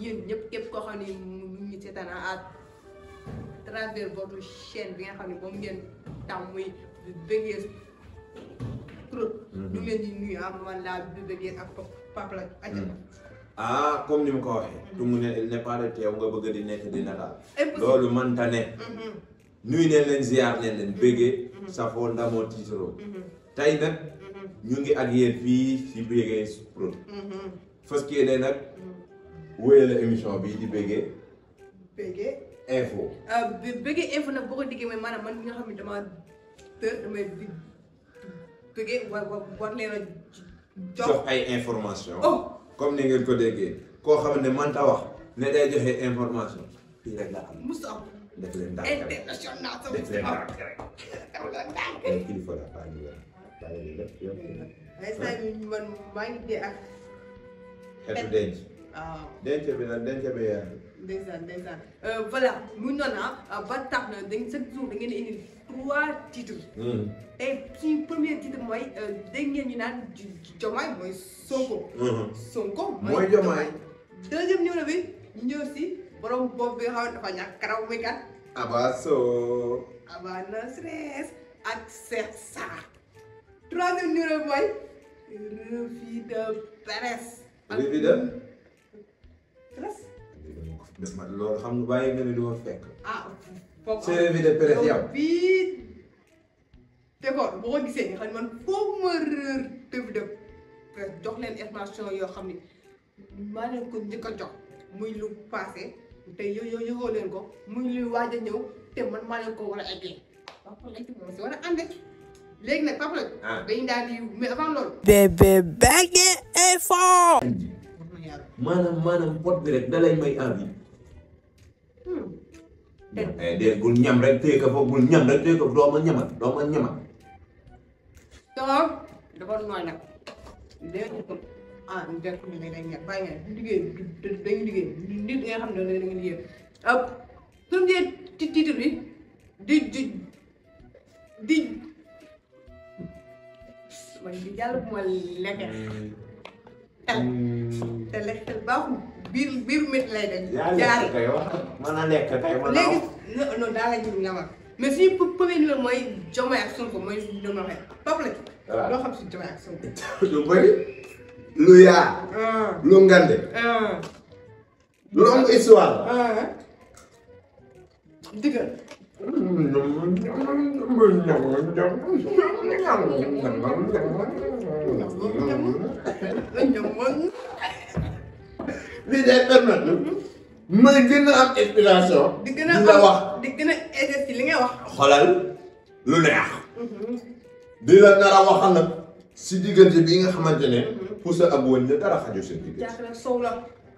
yéen ñëpp ñu à travers votre chaîne bi nga mhm. ñu ah la mhm. ah comme ni ma ko waxee. Mhm. ne il n'est pas de teew nga bëgg di nekk di nataal. loolu mënta ne. nuy neen leen ziar neen leen bëggee. safoo ndamoo tiitaroo. tey nag ñu ngi ak yéen fii ci Prod. wóyale émission euh, bi di Bégué. Bégué. info. ah bi Bégué info nag boo ko déggee mooy maanaam man mi xam ne damaa të damay Bégué war war leen a jox ay information oh. comme ni ngeen ko déggee koo xam ne man ta ne day joxe information fii maa ngi dee ak. xeetu denc. waaw ah. denc bi nag denc bi yaa ndeysaan ndeysaan euh, voilà mu noonu ah ba tax na dañ chaque jour da ngeen indi trois titres. Hmm. tey suñu premier titre mooy euh, dégg ngeen ñu naan Jomaay mooy Sonko. Hmm. Sonko mooy Jomaay. deuxième numéro bi ñu ñëw si borom bopp bi nga xam ne dafa ñàkk karaw mi kat. Aba Sow. Aba na stress ak Cheikh Sarr. troisième numéro bi mooy revue de presse. revue de presse. ma loolu xam nga bàyyi nga ne ma fekk. ah foofu service de presse yow bii d'accord ko xam ne man foofu ma rër de presse jox leen information yoo xam ne maa leen ko njëkk a jox muy lu passé te yow yow yëgoo leen ko muy luy waaj ñëw te man maa leen ko war a eggee war a ànd léegi nag papa la ah. dañu daal di mais loolu. bébé Bégué info. maanaam maanaam pot bi rek da lay may envie. dëgg hmm. eh, eh, de bul ñam rek téye ko foofu bul ñam rek téye ko doo ma ñamal doo ma ñamal. toog dafa nooy nag léegi ah, ko ah njëkk mi ngi lay ñàkk bàyyi nga ne liggéey dañuy liggéey nit nga xam ne da nga liggéey ah suñu jee ci titre bi di di di. man hmm. di jàll bu ma lekkee. Hmm. te lekk baaxul biir biir métti lay jaar kay a lekk kay mën a wax léegi non daa la nga wax mais suñu premier numéro mooy Diomaye ak Sonko mooy suñu doon waxee Pape loo xam si Diomaye ak Sonko. lu bëri lu yaa. Ah. lu ngande. Ah. lu am histoire. Ah. dëgg lii day permettre ma gën a am inspiration. di gën a la wax di gën a exercer li ngay a xoolal lu neex. di la nar a waxal nag si diggante bi nga xamante ne. pour sa ab woon ne dara xaju diggante.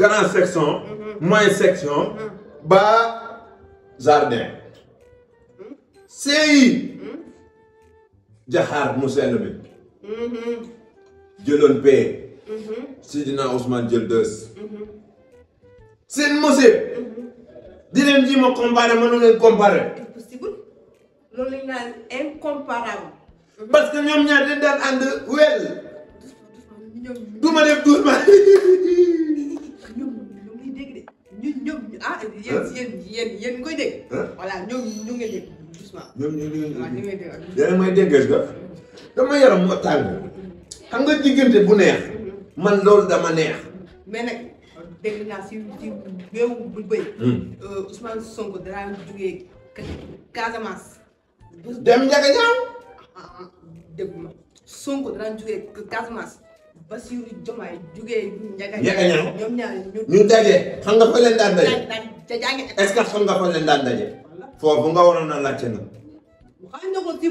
Grand section, mhm. moins section, mhm. bas jardin. CI. Mhm. Jaxaar Moussel. sell bi. le Sidina Ousmane Djeldos. C'est di mon comparé, ne nom impossible incomparable. parce que nous sommes dañ Je ne wel. ñun ñoom ah eh. yéen yéen yéen yéen ñu koy dégg. Eh. voilà ñoom ñu ngi dégg doucement. ñoom ñu ngi dégg yéen may dégg nga dama yaram moo tàng xam nga diggante bu neex man loolu dama neex. mais nag dégg naa si ci réew bu bëy. Hmm. Euh, Ousmane Sonko danaa jugee Casamance. dem Ndiaga Diaw. Ah, ah, ah, dégg ma Sonko danaa jugee Casamance. Bassirou Diomaye jugee Ndiaga Ndiaye ñoom ñaar ñu daje xam nga fa leen daan daje est-ce que xam nga fa leen daan daje foofu nga waroon a laajte nag xam nga ko ci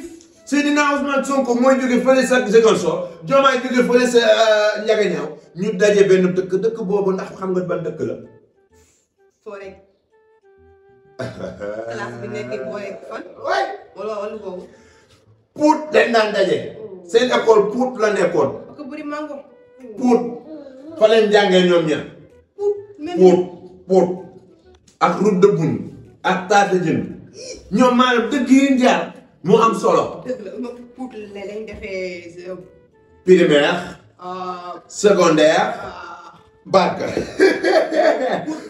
Seydina Ousmane Sonko mooy jóge fële sa Ziguinchor Diomaye jóge fële sa euh, Ndiaga Ndiaye ñu daje benn dëkk dëkk boobu ndax xam nga ban dëkk la foo rek classe bi nekk foo rek fan wala wala boobu Pout leen daan daje oh. seen école Pout la nekkoon ko bëri mango pour fa pour, pour pour pour pour ak de pour, ak pour, pour, primaire. secondaire. bac.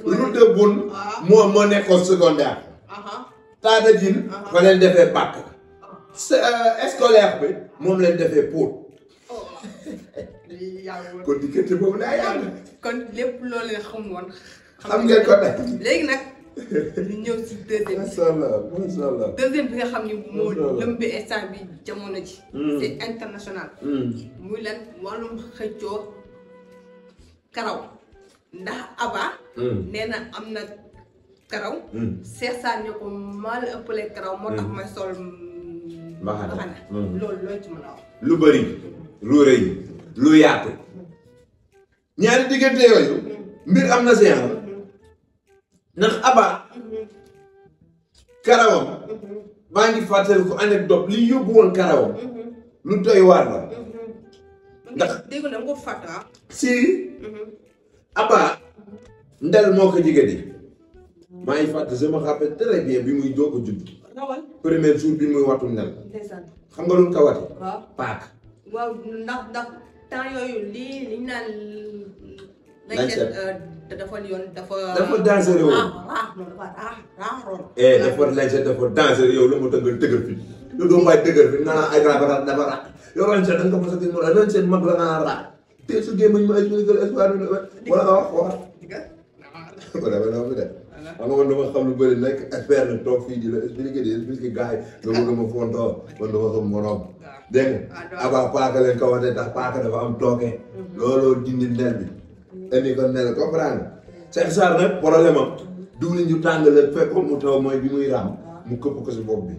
route de pour, pour euh, ah. secondaire. pour, pour, pour bac. Ah. Ah. Euh, scolaire bi kon diggante boobu daa yàgg. kon lépp loolu nga xamul woon. xam nga ko léegi nag. ñu ñëw ci deuxième. macha allah macha allah. deuxième bi nga xam ni moo lëmbi instant bi jamono ji. Hmm. c'est international. Hmm. muy lan wàllum xëccoo karaw ndax Aba. Hmm. nee na am na karaw. Cheikh Sarr ko mal ëppale karaw moo tax may sol. mbaxana loolu loo ci mën a wax. lu bëri lu rëy. lu yaatu ñaari diggante yooyu mbir am na séance ndax Abba karawam baa ngi fàttali ko anecdote li yóbbu woon karawam lu doy waar la ndax dégg ko fàtta Abba ndel moo ko jigéen maa ngi fàtte je me rappelle bi muy doog a judd premier jour bi muy wattu ndel xam nga lu mu ko temps yooyu lii liñ naan. lañ set euh, dafa yoon dafa. dafa dangereux ah eh, dafa dangereux yow la mu dëggal dëggal fi yow doo bàyyi dëggal fi naan ay dafa dafa rax yow lañ set da nga ko mos a gis mu rax lañ set mag la ngaa rax te su gémmañ ma ay espoir wala nga wax wax. xam nga man dama xam lu bëri nekk expert la toog fii di la expliqué di expliqué gars nga bëgg ma fontoo man dama xam morom dégg abaa ah, paaka leen ko waxee paaka dafa am tooke mhm. looloo dindi nel bi indi ko nel comprendre mhm. mu taw mooy bi muy raam mu këpp ko si bopp bi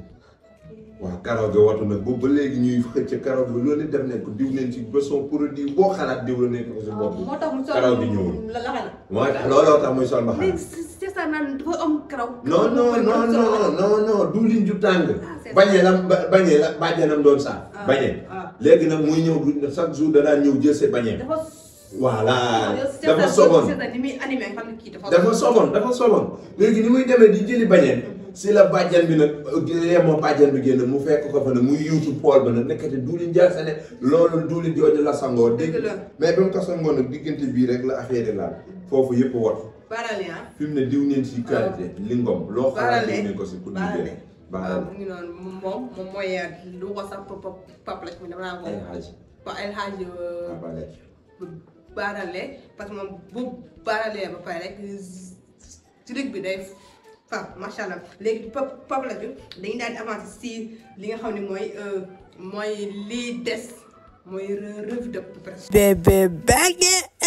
waaw karaw gi watu nag boobu ba léegi ñuy xëcc karaw gi loolu def nañ ko diw nañ ci beson produit boo xalaat diw la ko si bopp bi karaw gi ñëwul moo tax looloo tax muy sol ba xam sa naan dafa am karaw. non non non non non non duulin ju tàng. bañee la bañee la bàjjanam doon saaf. Ah, bañee ah. léegi nag muy ñëw chaque jour danaa ñëw jël sa bañee. dafa voilà dafa soboon dafa soboon dafa soboon léegi ni muy demee di jëli bañeen mhm. si la bàjjan bi nag yemoo bàjjan bi génn mu fekk ko fa ne muy yuutu pool ba nag nekkati duulin jaar sa ne loolu duulin jooju la sangoo dégg mais ba mu ko sangoo nag diggante bii rek la affaire laal mhm. foofu yëpp wat barale ah. fi mu ne diw neen si qualité li ngom loo xalaat diw neen ko si pour ñu dee. barale ah, mu moom moom barale barale parce que moom bu ba pare rek ci bi day. fa macha la bi dañuy daal di avancé si li nga xam ne mooy euh, lii des mooy revue de presse. bébé Bagué.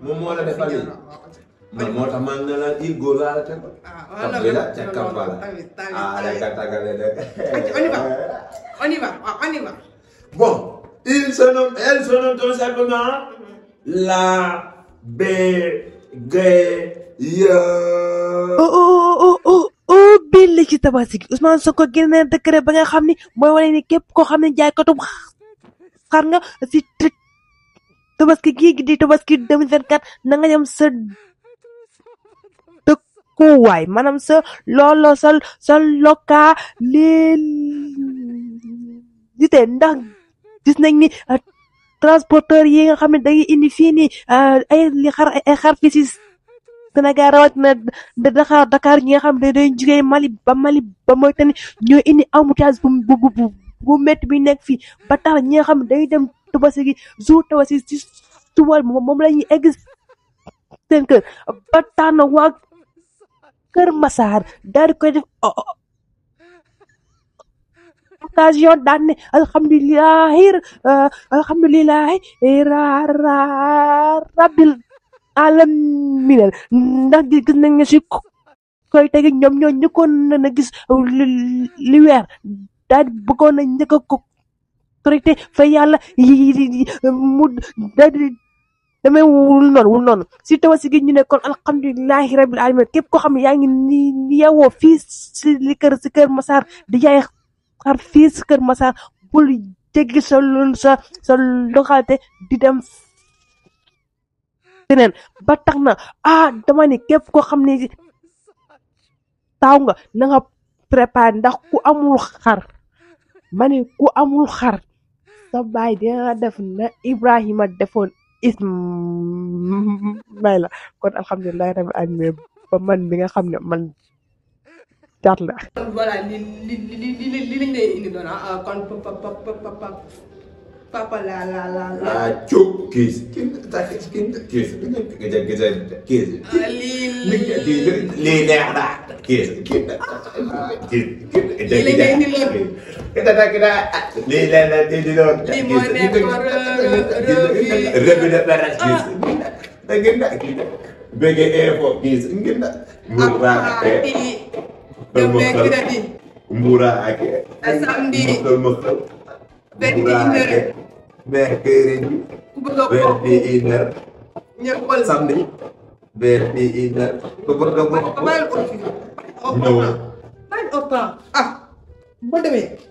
moom kan. ah, ah, ah, moo la defal lii man moo tax man ne la il góor la te kabila te kampala ah rek a tagale de on y va on y va on y va bon il se nomme elle se nomme tout simplement la bégayeuse oh oh oh oh oh, oh bi li ci tabaski Ousmane Sonko génne décret ba nga xam ni mooy wane ni képp koo xam ne jaaykatum xar nga si tabaski gii gi di tabaski 2024 na nga yam sa dëkkuwaay maanaam sa loolo sa sa loka lité ndax gis nañ ni transporteur yi nga xam ne dañuy indi fii ni ay li xar ay xar fii si Sénégal rawat na Dakar Dakar ñi nga xam ne dañ Mali ba Mali ba Mauritanie ñoo indi embouteillage bu bu bu bu métti bi nekk fii ba tax ñi nga xam ne dem Tabaski gi jour Tabaski ci suba moom la ñuy egg seen kër ba tànn waa Kër Massar daal di koy def oh, oh. occasion daan ne alhamdulilahi alhamdulilahi rabbil alamin ndax gis nañ ne si koy tegi ñoom ñoo ñëkkoon na gis li weer daal di bëggoon na njëkk ko autorité fa yàlla euh, mu da damay wul noonu wul noonu si tabaski gi ñu ne kon alhamdulilahi rabil alamin képp koo xam ne yaa ngi ni yeewoo fii si li si kër Massar di jaay xar fii si kër Massar bul jéggi sa sa sa di dem feneen ba tax na ah dama ne képp koo xam ne taaw nga na nga ndax ku amul xar ma ku amul xar sa baay dina def na Ibrahima defoon Ismaila kon alhamdulilah rabbil alamin ba man bi nga xam ne man daat la. Papa la la la la. Ah, cuk kis. Kin tak kin kis. Geja geja kis. Lil. Nik di lil ada kis. Kin kis kin geja geja. Kita tak kira lil la di di lo. Limone koro robi. Robi da barat kis. Tak kira kita. Bege efo kis. Ingin tak. Murah. Apa? Gembek tadi. Murah. Asam di. Murah. vingt et une heures vers Këyrin bi. ku bëgg a bokk vingt et une heures. ñëppal samedi. vingt et une heures. ku bëgg a bokk. ñëw. ah ba demee.